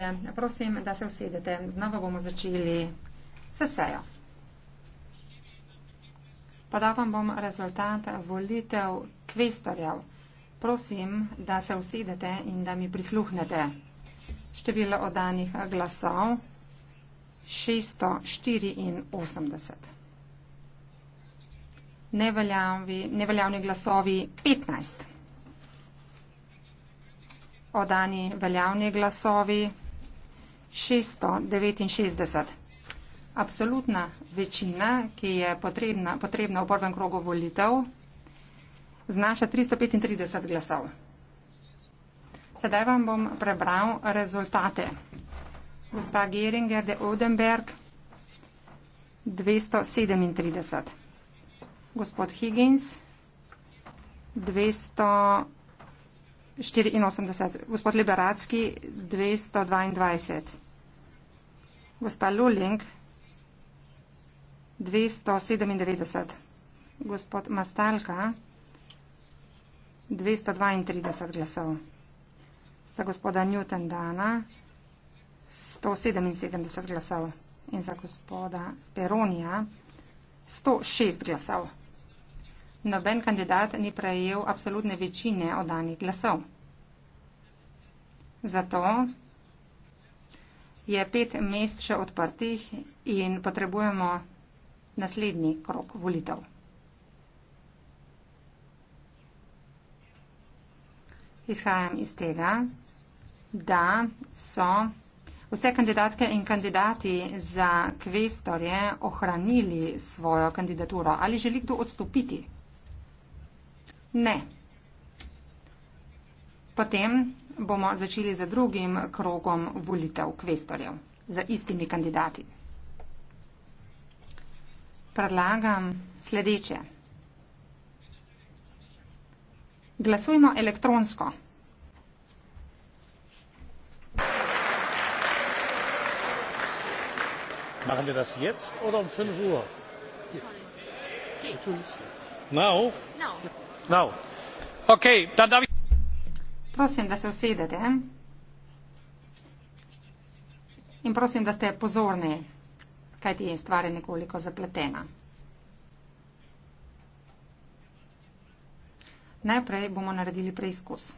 Ja, prosim, da se usedete. Znova bomo začeli s sejo. Podal vam bom rezultat volitev kvestorjev. Prosim, da se usedete in da mi prisluhnete. Število odanih glasov 684. Neveljavi, neveljavni glasovi 15. Odani veljavni glasovi 669. Absolutna večina, ki je potrebna, potrebna v prvem krogu volitev, znaša 335 glasov. Sedaj vam bom prebral rezultate. Gospa Geringer de Odenberg 237. Gospod Higgins 200. 84. Gospod Liberacki, 222. Gospa Luling, 297. Gospod Mastalka, 232 glasov. Za gospoda Newton Dana, 177 glasov. In za gospoda Speronija, 106 glasov. Noben kandidat ni prejel absolutne večine odanih glasov. Zato je pet mest še odprtih in potrebujemo naslednji krok volitev. Izhajam iz tega, da so vse kandidatke in kandidati za kvestorje ohranili svojo kandidaturo. Ali želi kdo odstopiti? Ne. Potem bomo začeli za drugim krogom volitev kvestorjev za istimi kandidati. Predlagam sledeče. Glasujmo elektronsko. Machen wir das jetzt oder um 5 Uhr? Now? Now. Okay, dann darf ich Prosim, da se usedete. In prosim, da ste pozorni, kajti je stvar nekoliko zapletena. Najprej bomo naredili preizkus.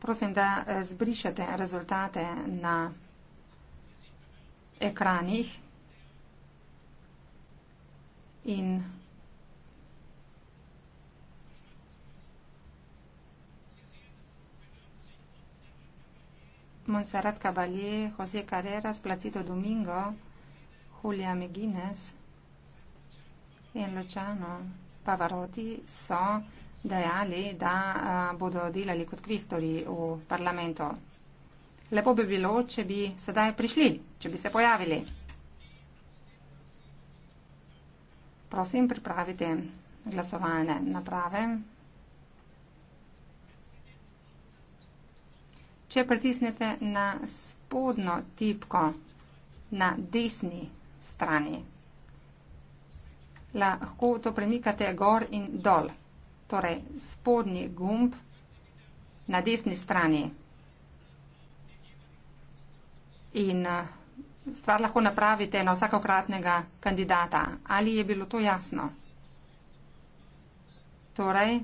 Prosim, da eh, zbrišete rezultate na ekranih in Montserrat Caballé, José Carreras, Placido Domingo, Julia Meguines in Luciano Pavarotti so dejali, da a, eh, bodo delali kot kvistori v parlamentu. Lepo bi bilo, če bi sedaj prišli, če bi se pojavili. Prosim, pripravite glasovalne naprave. Če pritisnete na spodnjo tipko na desni strani, lahko to premikate gor in dol. Torej, spodnji gumb na desni strani. In eh, stvar lahko napravite na vsakokratnega kandidata. Ali je bilo to jasno? Torej,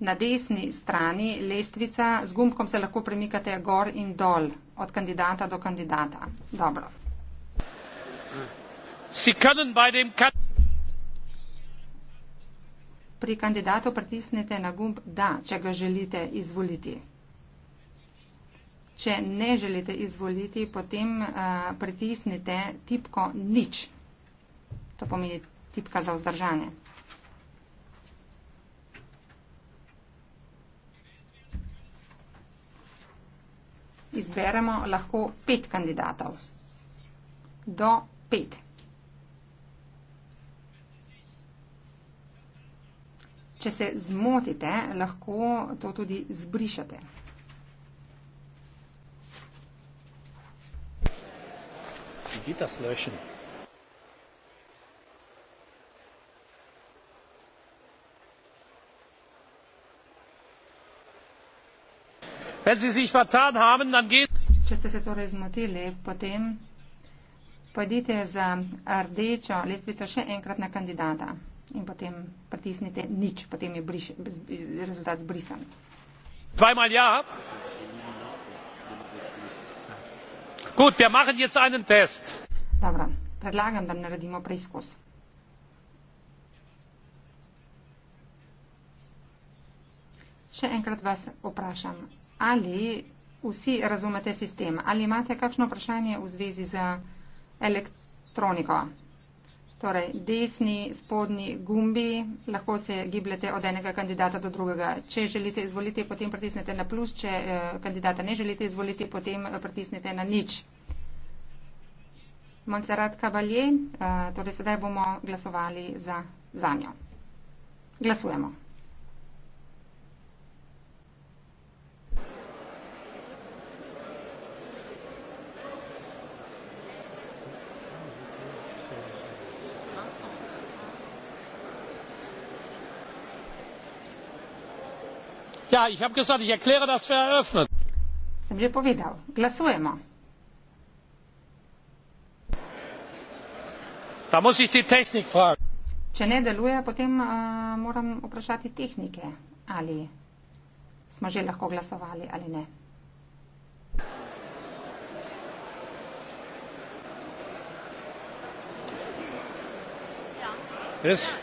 Na desni strani lestvica z gumbkom se lahko premikate gor in dol, od kandidata do kandidata. Dobro. Pri kandidatu pritisnite na gumb da, če ga želite izvoliti. Če ne želite izvoliti, potem uh, pritisnite tipko nič. To pomeni tipka za vzdržanje. izberemo lahko pet kandidatov. Do pet. Če se zmotite, lahko to tudi zbrišate. Digital solution. Wenn Sie sich vertan haben, dann gehen Če ste se torej zmotili, potem pojdite z rdečo lestvico še enkrat na kandidata in potem pritisnite nič, potem je briš, rezultat zbrisan. Dvajmal ja. Gut, wir machen jetzt einen Test. Dobro, predlagam, da naredimo preizkus. Še enkrat vas vprašam, ali vsi razumete sistem, ali imate kakšno vprašanje v zvezi z elektroniko. Torej, desni, spodnji gumbi, lahko se gibljete od enega kandidata do drugega. Če želite izvoliti, potem pritisnete na plus, če eh, kandidata ne želite izvoliti, potem eh, pritisnete na nič. Montserrat Cavalier, eh, torej sedaj bomo glasovali za, za njo. Glasujemo. Ja, ich habe gesagt, ich erkläre das für eröffnet. Sem že povedal. Glasujemo. Da muss ich die Technik fragen. Če ne deluje, potem uh, moram vprašati tehnike, ali smo že lahko glasovali ali ne. Ja.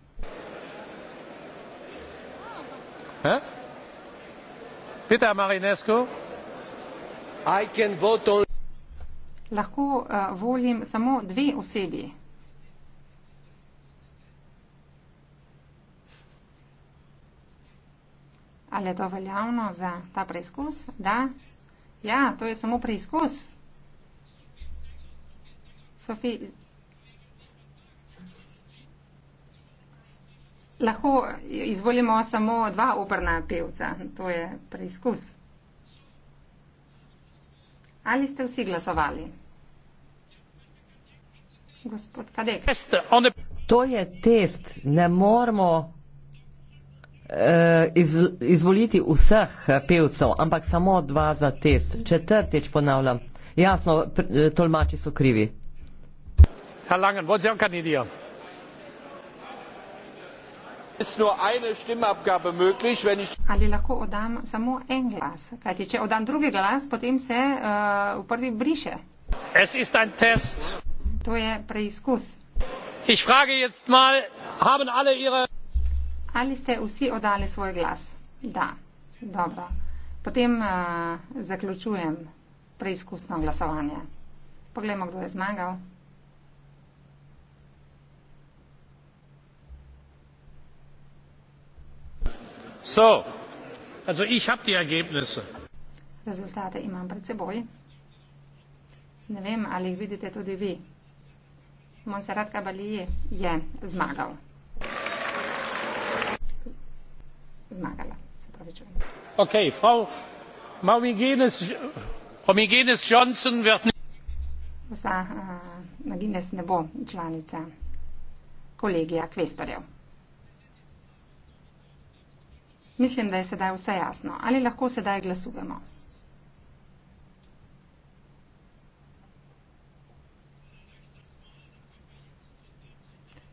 Lahko uh, volim samo dve osebi. Ali je to veljavno za ta preizkus? Da. Ja, to je samo preizkus. Sofi, lahko izvolimo samo dva operna pevca, to je preizkus. Ali ste vsi glasovali? Gospod Kadek. To je test, ne moramo eh, Iz, izvoliti vseh pevcev, ampak samo dva za test. Četrtič ponavljam. Jasno, tolmači so krivi. Herr Langen, wollen Sie auch kandidieren? ist nur eine Stimmabgabe möglich, wenn ich Ali lahko oddam samo en glas. Kajti, če oddam drugi glas, potem se uh, v prvi briše. Es ist ein Test. To je preizkus. Ich frage jetzt mal, haben alle ihre Ali ste vsi oddali svoj glas? Da. Dobro. Potem uh, zaključujem preizkusno glasovanje. Poglejmo, kdo je zmagal. Rezultate imam pred seboj. Ne vem, ali jih vidite tudi vi. Monserrat Kabali je zmagal. Zmagala. Okay, Frau Maugines, Frau Maugines Johnson wird nicht. Das war, äh, ne bo, članica kolegija kvestorjev. Mislim, da je sedaj vse jasno. Ali lahko sedaj glasujemo?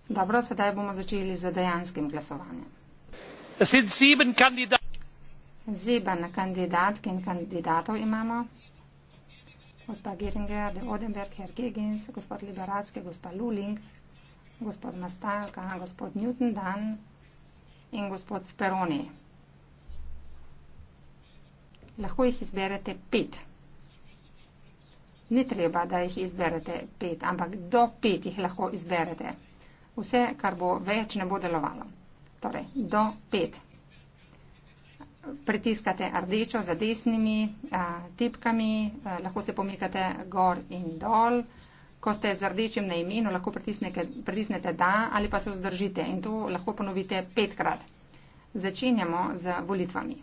Dobro, sedaj bomo začeli z dejanskim glasovanjem. Zeben kandidat. kandidat, ki in kandidatov imamo. Gospa Geringer, de Odenberg, Herr Gegins, gospod Liberatski, gospa Luling, gospod Mastalka, gospod Newton Dan in gospod Speroni. Lahko jih izberete pet. Ne treba, da jih izberete pet, ampak do pet jih lahko izberete. Vse, kar bo več, ne bo delovalo. Torej, do pet. Pritiskate rdečo za desnimi a, tipkami, a, lahko se pomikate gor in dol. Ko ste z rdečim na imenu, lahko pritisnete, pritisnete da ali pa se vzdržite in to lahko ponovite petkrat. Začenjamo z volitvami.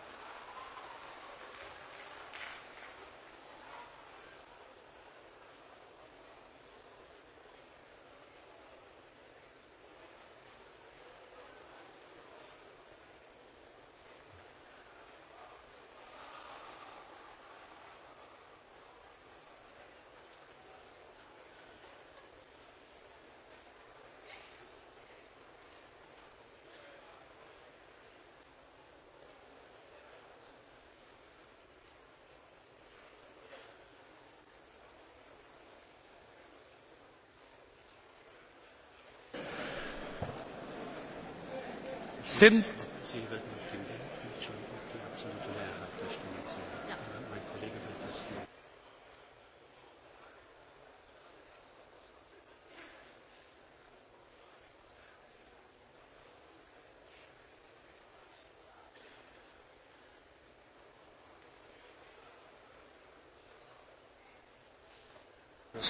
sind. Sie wird mit dem Bildschirm und die absolute Mehrheit der Stimme sein. Ja. Mein Kollege wird das sehen.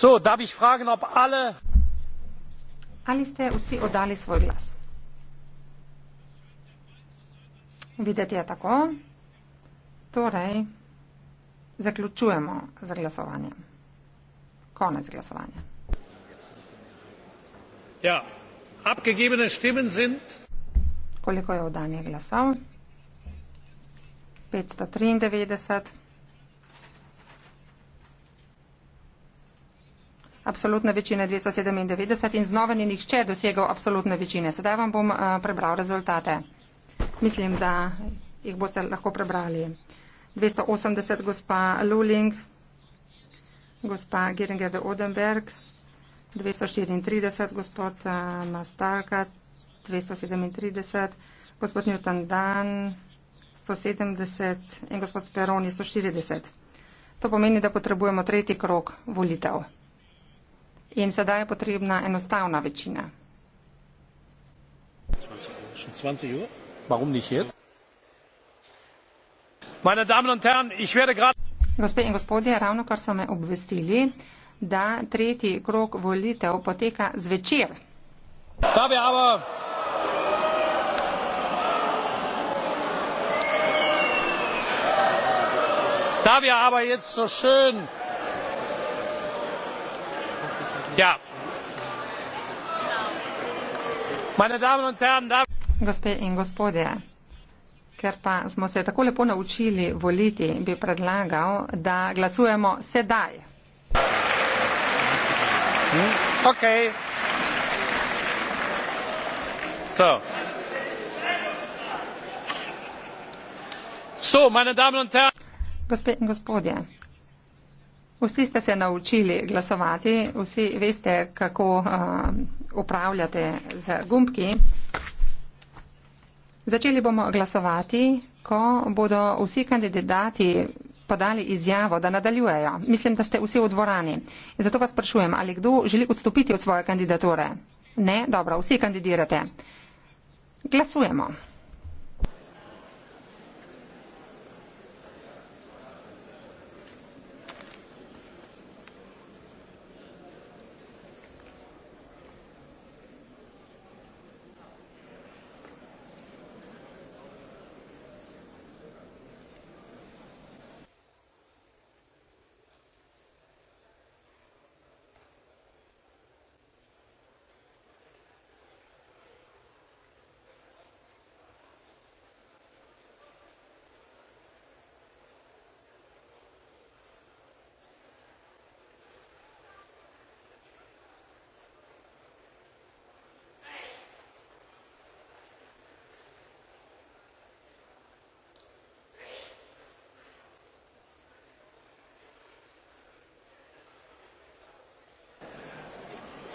So, darf ich fragen, ob alle. Alle ste vsi oddali svoj glas. Videti je tako. Torej, zaključujemo z glasovanjem. Konec glasovanja. Ja, abgegebene stimmen sind. Koliko je oddanih glasov? 593. Absolutna večina 297 in znova ni nihče dosegal absolutne večine. Sedaj vam bom uh, prebral rezultate mislim, da jih boste lahko prebrali. 280 gospa Luling, gospa Geringer de Odenberg, 234 gospod uh, Mastarka, 237 gospod Newton Dan, 170 in gospod Speroni 140. To pomeni, da potrebujemo tretji krok volitev. In sedaj je potrebna enostavna večina. 20, 20 warum nicht jetzt? Meine Damen und Herren, ich werde gerade. Gospe in gospodje, ravno kar so me obvestili, da tretji krok volitev poteka zvečer. Da wir aber jetzt so schön. Ja. Meine Damen und Herren, da. Gospe in gospodje, ker pa smo se tako lepo naučili voliti, bi predlagal, da glasujemo sedaj. Ok. So. So, Gospe in gospodje, vsi ste se naučili glasovati, vsi veste, kako uh, upravljate z gumbki. Začeli bomo glasovati, ko bodo vsi kandidati podali izjavo, da nadaljujejo. Mislim, da ste vsi v dvorani. Zato vas sprašujem, ali kdo želi odstopiti od svoje kandidature? Ne, dobro, vsi kandidirate. Glasujemo.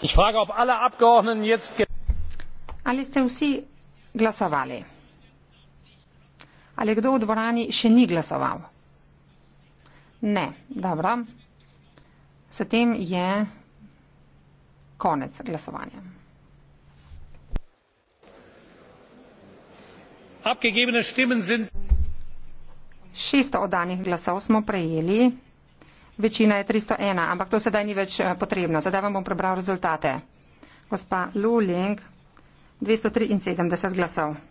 ich frage ob alle abgeordneten jetzt ali ste vsi glasovali ali kdo v dvorani še ni glasoval ne dobro s tem je konec glasovanja abgegebene stimmen sind šeststo oddanih glasov smo prejeli večina je 301, ampak to sedaj ni več eh, potrebno. Sedaj vam bom prebral rezultate. Gospa Luling, 273 glasov.